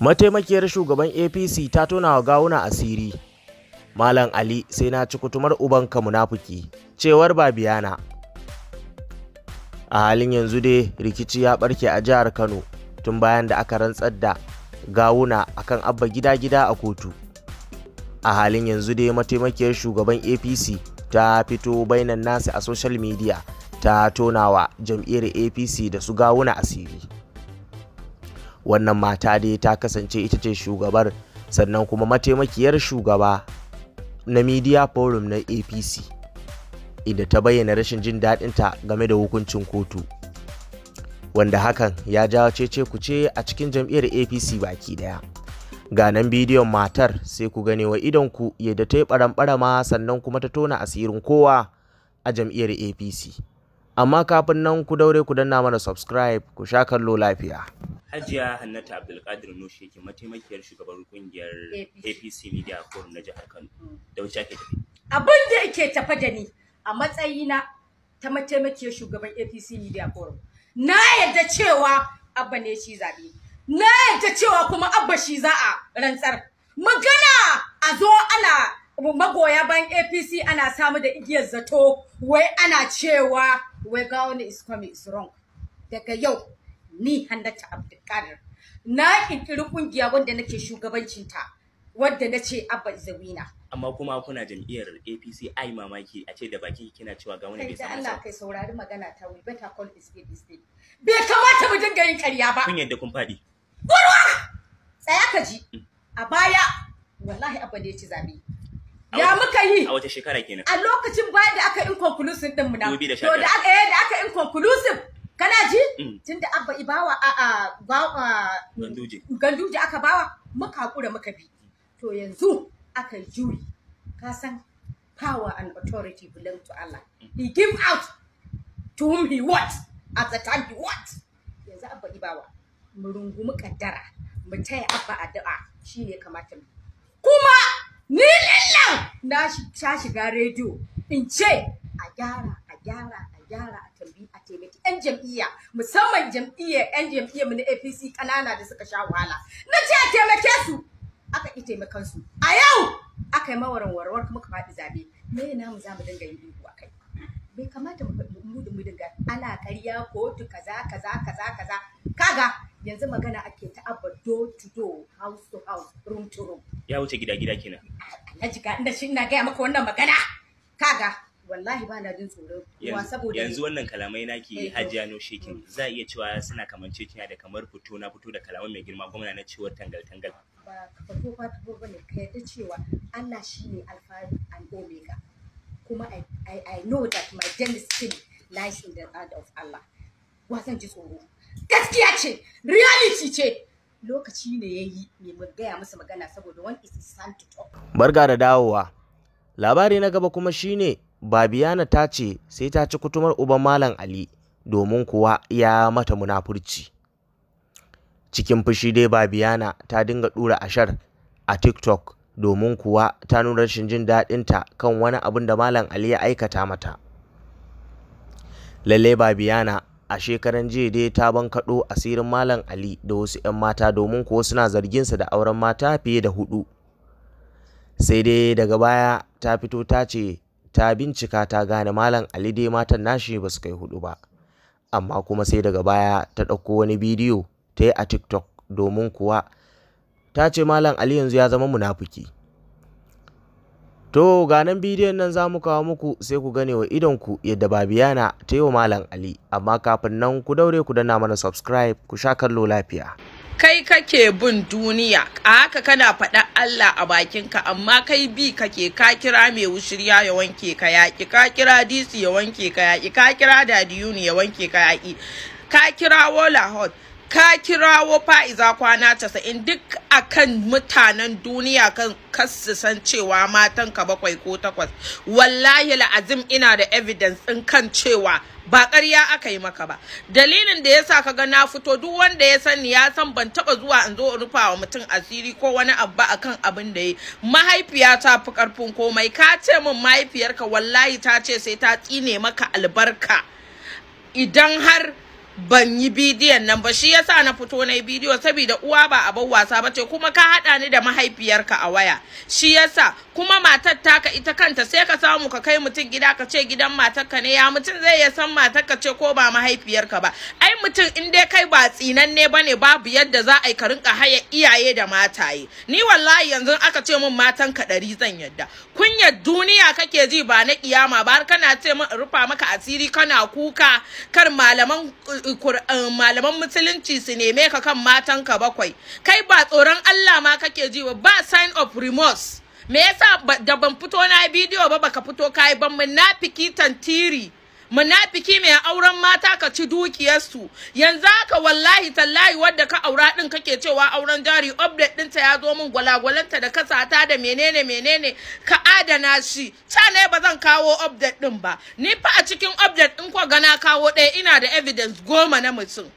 mataimakiyar shugaban apc ta tona wa gawuna asiri malam ali sai na ci kutumar uban ka munafuki cewar ba babiyana a halin yanzu dai rikici ya barke a jihar kano tun bayan da aka rantsar da gawuna akan abba gida-gida a kotu a halin yanzu dai mataimakiyar shugaban apc ta fito bainan nasi a social media ta tonawa jam'iyyar apc da su gawuna asiri wannan mata dai ta kasance ita ce shugabar sannan kuma mataimakiyar shugaba na media forum na apc inda ta bayyana rashin jin daɗinta game da hukuncin kotu wanda hakan ya jawo cece ce a cikin jam'iyyar apc baki daya ga bidiyon matar sai ku gane wa idonku yadda ta yi ɓaramɓarama sannan kuma ta tona asirin kowa a jam'iyyar apc amma kafin nan ku daure ku danna mana subscribe ku sha kallo lafiya Hajiya hannata Abdulkadir Nushe ke mataimakiyar shugabar kungiyar APC Media Forum na jihar Kano. Da wuce ake tafi. Abin da yake tafa da ni a matsayina ta mataimakiyar shugaban APC Media Forum. Na yadda cewa Abba ne shi zabe. Na yadda cewa kuma Abba shi za a rantsar. Magana a zo ana magoya bayan APC ana samu da igiyar zato wai ana cewa wai gawon is coming is wrong. Daga yau ni Hannatu Abdulkadir na kirkiri kungiya wanda nake shugabancin ta wadda nace abba zawina amma kuma kuna jam'iyyar APC ai mamaki a ce da baki kina cewa ga wani bai samu Allah kai saurari magana ta we better call is good is good bai kamata mu dinga yin ƙarya ba kun yadda kun fadi gurwa tsaya ka ji mm. a baya wallahi abba da ya ci zabe ya muka yi a wata shekara kenan a lokacin bayan da aka inconclusive din mu na to da aka yi eh, da aka inconclusive kana ji mm. tunda abba ibawa a a a. ganduje ganduje aka bawa muka hakura muka bi to yanzu aka juri, ka san power and authority belong to Allah he give out to whom he what at the time he what yanzu abba ibawa mu rungumi kaddara mu taya abba addu'a shine kamata mu kuma ni lillan na sha shiga rediyo in ce a gyara a gyara gyara a tambi a taimaki yan jam'iyya musamman jam'iyyar yan jam'iyyar mu na APC kanana da suka sha wahala na ce a taimake su aka ki taimakan su a yau aka yi mawarin warwar kuma ka faɗi zabe me ne namu za mu dinga yin dubu kai bai kamata mu mu da mu dinga ana ƙarya kotu kaza kaza kaza kaza kaga yanzu magana ake ta abba door to door house to house room to room ya wuce gida gida kenan na jika inda shi ina gaya maka wannan magana kaga wallahi ba na jin tsoro kuma saboda yanzu wannan kalamai naki eh, Hajiya no shekin za a iya cewa suna kamance cikin da kamar fito na fito da kalamai mai girma gwamna na cewar tangal tangal ba fito ba fito bane ka yadda cewa Allah shine alfa and omega kuma I, I, know that my destiny lies in the hand of Allah wa san ji tsoro gaskiya ce reality ce lokaci ne ya mai gaya masa magana saboda one is time to talk Barka da dawowa labari na gaba kuma shine Babiyana ta ce sai ta ci kutumar uban Malam Ali domin kuwa ya mata munafurci. Cikin fushi dai Babiyana ta dinga ɗura ashar a TikTok domin kuwa ta nuna rashin jin daɗinta kan wani abin da Malam Ali ya aikata mata. Lallai Babiyana a shekaran jiya dai ta ban kaɗo asirin Malam Ali da wasu 'yan mata domin kuwa suna zarginsa da auren mata fiye da hudu. Sai dai daga baya ta fito ta ce ta bincika ta gane Malam Ali dai matan nashi ba su kai hudu ba. Amma kuma sai daga baya ta ɗauko wani bidiyo ta yi a TikTok domin kuwa ta ce Malam Ali yanzu ya zama munafuki. To ga nan bidiyon nan za mu kawo muku sai ku gane wa idonku yadda Babiyana ta yi wa Malam Ali, amma kafin nan ku daure ku danna mana subscribe ku sha kallo lafiya. kai kake bin duniya a haka kana faɗa Allah a bakinka amma kai bi kake ka kira mai wushirya ya wanke ka yaƙi ka kira disi ya wanke ka yaƙi ka kira dadiyuni ya wanke ka yaƙi ka kira wola hot ka kirawo fa'iza kwana casa'in duk akan mutanen duniya kan kasu cewa matan ka bakwai ko takwas wallahi la'azim ina da evidence ɗin kan cewa ba ƙarya aka yi maka ba dalilin da yasa ga na fito duk wanda ya sani ya san ban taba zuwa in zo in rufa wa mutum asiri ko wani abu a kan abin da yi mahaifiya ta fi karfin komai ka ce min mahaifiyarka wallahi ta ce sai ta tsine maka albarka idan har ban yi bidiyon nan ba shi yasa na fito na yi bidiyo saboda uwa ba a abin wasa ba ce kuma ka haɗa ni da mahaifiyarka a waya shi yasa kuma matar taka ita kanta sai ka samu ka kai mutum gida ka ce gidan matarka ne ya mutum zai ya san matarka ce ko ba mahaifiyarka ba ai mutum in dai kai ba tsinanne ba ne babu yadda za a yi ka rinka haya iyaye da mataye ni wallahi yanzu aka ce min matan ka ɗari zan yadda Kunya duniya kake ji ba na kiyama ba har kana ce min rufa maka asiri kana kuka kar malaman malaman musulunci su neme ka kan matan ka bakwai kai ba tsoron Allah ma kake ji ba sign of remorse me yasa da ban fito na bidiyo ba baka fito kai ban munafiki tantiri munafiki mai auren mata ka ci dukiyarsu yanzu haka wallahi tallahi wadda ka aura din kake cewa auren jari update dinta ya zo min gwalagwalanta da kasata da menene menene ka adana shi ne ba zan kawo update din ba ni fa a cikin update din ko gana kawo ɗaya ina da evidence goma na mutum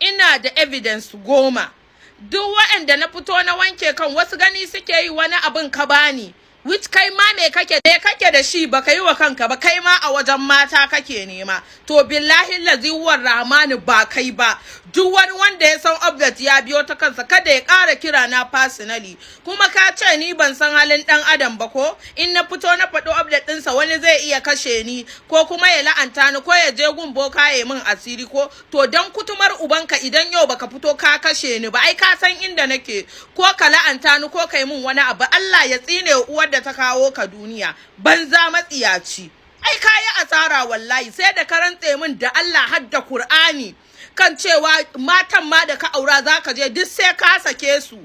ina da evidence goma duk waɗanda na fito na wanke kan wasu gani suke yi wani abin ka bani which kai ma me kake da kake da shi baka yi wa kanka ba kai ma a wajen mata kake nema to billahi lazi war rahmani ba kai ba duk wani wanda ya san update ya biyo ta kansa kada ya kara kira na personally kuma ka ce ni ban san halin dan adam ba ko in na fito na faɗo update sa wani zai iya kashe ni ko kuma ya la'anta ni ko ya je gun boka ya min asiri ko to dan kutumar ubanka idan yau baka fito ka kashe ni ba ai ka san inda nake ko ka la'anta ni ko kai min wani abu Allah ya tsine uwar da ta kawo ka duniya banza matsiyaci ai kayi asara wallahi sai da ka rantse min da Allah har da Qur'ani kan cewa matan ma da ka aura za ka je duk sai ka sake su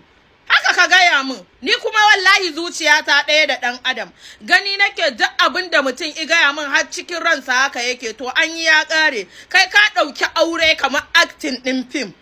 haka ka gaya min ni kuma wallahi zuciyata ɗaya da ɗan adam gani nake duk abin da mutum i gaya min har cikin ransa haka yake to an yi ya ƙare kai ka ɗauki aure kamar acting ɗin fim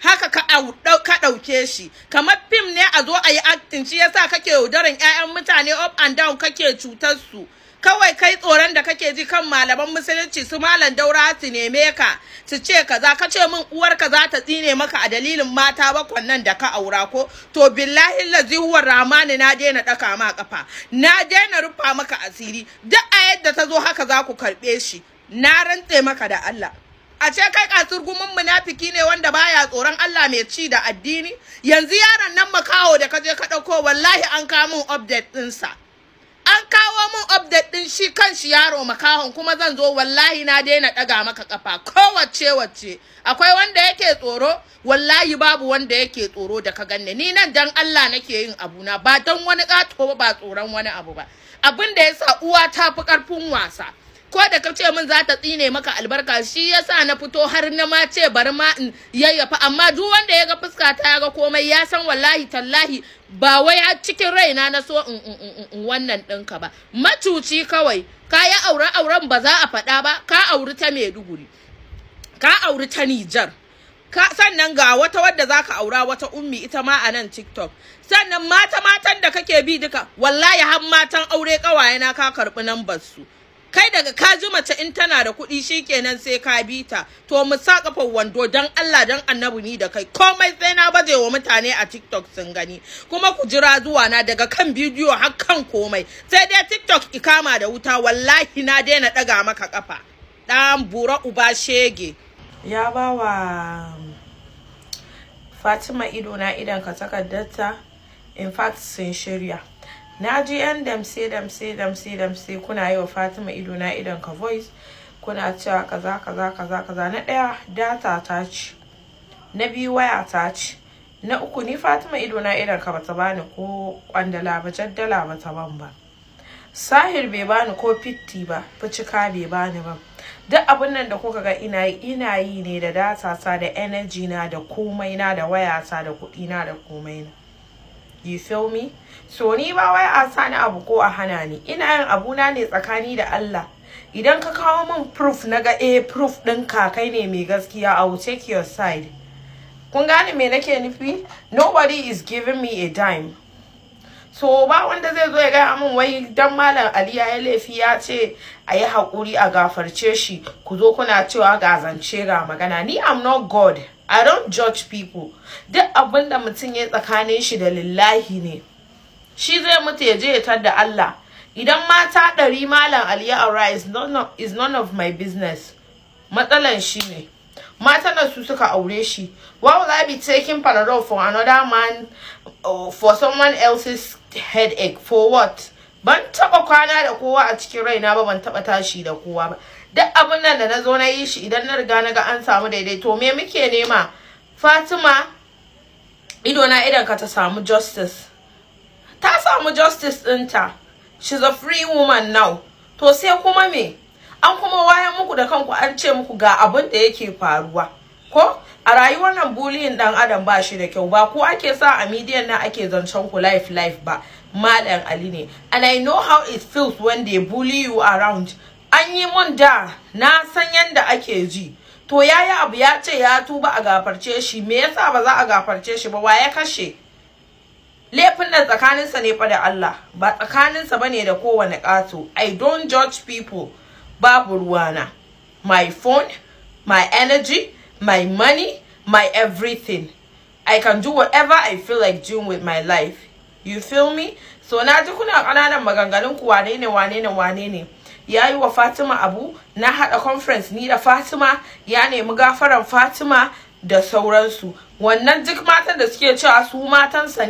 haka ka ɗauke shi kamar fim ne a zo a yi acting shi yasa kake yaudaran ƴaƴan mutane up and down kake cutar su kawai kai tsoron da kake ji kan malaman musulunci su malam daura su neme ka su ce kaza ka ce min uwarka za ta tsine maka a dalilin mata bakwai nan da ka aura ko to billahi lazihuwar huwa ramani na daina daka ma kafa na daina rufa maka asiri duk a yadda ta zo haka za ku karbe shi na rantse maka da Allah a ce kai kasurgumin munafiki ne wanda baya tsoron Allah mai ci da addini yanzu yaron nan makaho da kaje ka dauko wallahi an kawo mun update dinsa an kawo mun update din shi kan shi yaro makahon kuma zan zo wallahi na daina daga maka kafa kowace wacce akwai wanda yake tsoro wallahi babu wanda yake tsoro da ka ganne ni nan dan Allah nake yin abuna ba dan wani kato ba tsoron wani abu ba abin da yasa uwa ta fi karfin wasa ko da kace min za ta tsine maka albarka shi yasa na fito har na ma ce bari ma in yayyafa amma duk wanda ya ga fuska ta ga komai ya san wallahi tallahi ba wai a cikin raina na so in wannan ɗinka ba matuci kawai ka yi aure auren ba za a faɗa ba ka auri ta maiduguri ka auri ta nijar ka sannan ga wata wadda za aura wata ummi ita ma a nan tiktok sannan mata matan da kake bi duka wallahi har matan aure na ka karɓi nan su kai daga ka ji mace in tana da kuɗi shi shikenan sai ka bi ta to mu sa ƙafar wando dan Allah dan annabi ni da kai komai sai na baje wa mutane a TikTok sun gani kuma ku jira zuwa na daga kan bidiyo har kan komai sai dai TikTok ikama da wuta wallahi na daina daga maka kafa dan bura uba shege ya bawa um, Fatima ido na idan ka takardarta in fact sun shirya na ji yan damse damse damse damse kuna yi wa fatima ido na idon ka voice kuna cewa kaza kaza kaza kaza na ɗaya data ta ci na biyu waya ta ci na uku ni fatima ido na idon ka bata bani ko kwandala ba jaddala bata ban ba sahir bai bani ko fitti ba fucika bai bani ba duk abin nan da kuka ga ina yi ina yi ne da data ta da energy na da komai na da wayata da kuɗi na da komai na you feel me so ni ba wai a sani abu ko a hana ni ina yin abuna ne tsakani da Allah idan ka kawo min proof na ga eh proof din kakai ne mai gaskiya I will take your side kun gane me nake nufi nobody is giving me a dime so ba wanda zai zo ya gaya min wai dan malam Ali ya laifi ya ce a yi haƙuri a gafarce shi ku zo kuna cewa ga zance ga magana ni am not god I don't judge people duk abin da mutum ya tsakanin shi da lillahi ne shi zai mutu ya je ya tar da Allah idan mata ɗari malam Aliya Aura is none of my business matsalan shi ne matan da su suka aure shi why would I be taking Panadol for another man uh, for someone else's headache for what ban taɓa kwana da kowa a cikin raina ba ban taba tashi da kowa ba duk abin nan da na zo na yi shi idan na riga na ga an samu daidai, to me muke nema fatima ido na idan ka ta samu justice ta samu justice ɗinta she's a free woman now to sai kuma me an kuma wayan muku da kanku an ce muku ga abin da yake faruwa ko a rayuwar nan bullying dan adam ba shi da kyau ba ko ake sa a midiyan na ake zancen ku life life ba malam ali ne and i know how it feels when they bully you around an yi mun da na san yanda ake ji to yayi abu ya ce ya tuba a gafarce shi me yasa ba za a gafarce shi ba wa ya kashe laifin nan tsakaninsa ne fa da Allah ba tsakaninsa bane da kowane ƙato I don't judge people babu ruwana my phone my energy my money my everything I can do whatever I feel like doing with my life you feel me so na ji kuna ƙananan maganganun ku wane ne wane ne wane ne ya yi wa fatima abu na haɗa conference ni da fatima ya nemi gafaran fatima da sauransu wannan duk matan da suke cewa su matansa ne